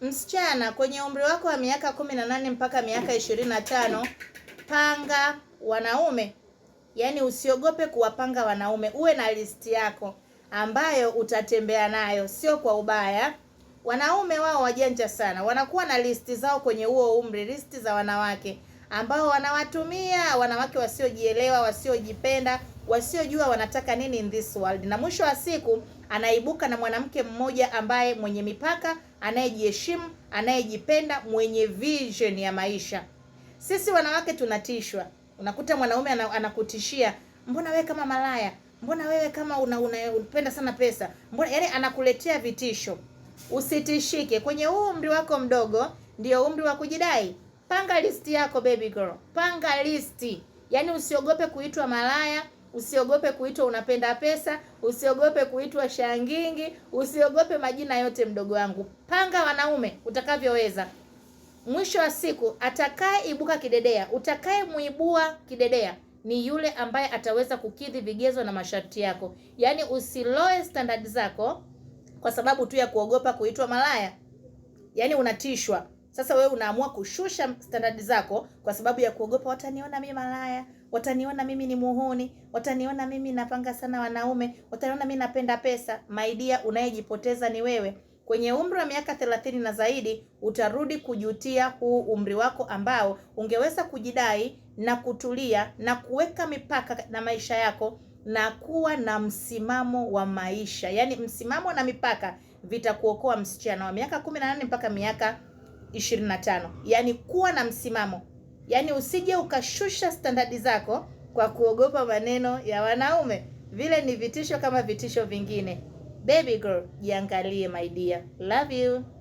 Msichana, kwenye umri wako wa miaka kumi na nane mpaka miaka ishirini na tano panga wanaume, yaani usiogope kuwapanga wanaume. Uwe na listi yako ambayo utatembea nayo, sio kwa ubaya. Wanaume wao wajanja sana, wanakuwa na listi zao kwenye huo umri, listi za wanawake ambao wanawatumia wanawake wasiojielewa, wasiojipenda, wasiojua wanataka nini in this world, na mwisho wa siku anaibuka na mwanamke mmoja ambaye mwenye mipaka, anayejiheshimu, anayejipenda, mwenye vision ya maisha. Sisi wanawake tunatishwa. Unakuta mwanaume anakutishia, mbona wewe kama malaya, mbona wewe kama una, una, unapenda sana pesa, mbona yani, anakuletea vitisho. Usitishike kwenye umri wako mdogo, ndio umri wa kujidai. Panga listi yako baby girl, panga listi. Yaani usiogope kuitwa malaya, usiogope kuitwa unapenda pesa, usiogope kuitwa shangingi, usiogope majina yote, mdogo wangu. Panga wanaume utakavyoweza. Mwisho wa siku, atakaye ibuka kidedea, utakaye muibua kidedea ni yule ambaye ataweza kukidhi vigezo na masharti yako. Yaani usiloe standard zako kwa sababu tu ya kuogopa kuitwa malaya. Yaani unatishwa. Sasa wewe unaamua kushusha standardi zako kwa sababu ya kuogopa, wataniona mimi malaya, wataniona mimi ni muhuni, wataniona mimi napanga sana wanaume, wataniona mimi napenda pesa. maidia unayejipoteza ni wewe. Kwenye umri wa miaka thelathini na zaidi utarudi kujutia huu umri wako ambao ungeweza kujidai na kutulia na kuweka mipaka na maisha yako na kuwa na msimamo wa maisha. Yaani msimamo na mipaka vitakuokoa msichana wa miaka kumi na nane mpaka miaka 25, yaani kuwa na msimamo, yaani usije ukashusha standadi zako kwa kuogopa maneno ya wanaume. Vile ni vitisho kama vitisho vingine. Baby girl, jiangalie my dear. Love you.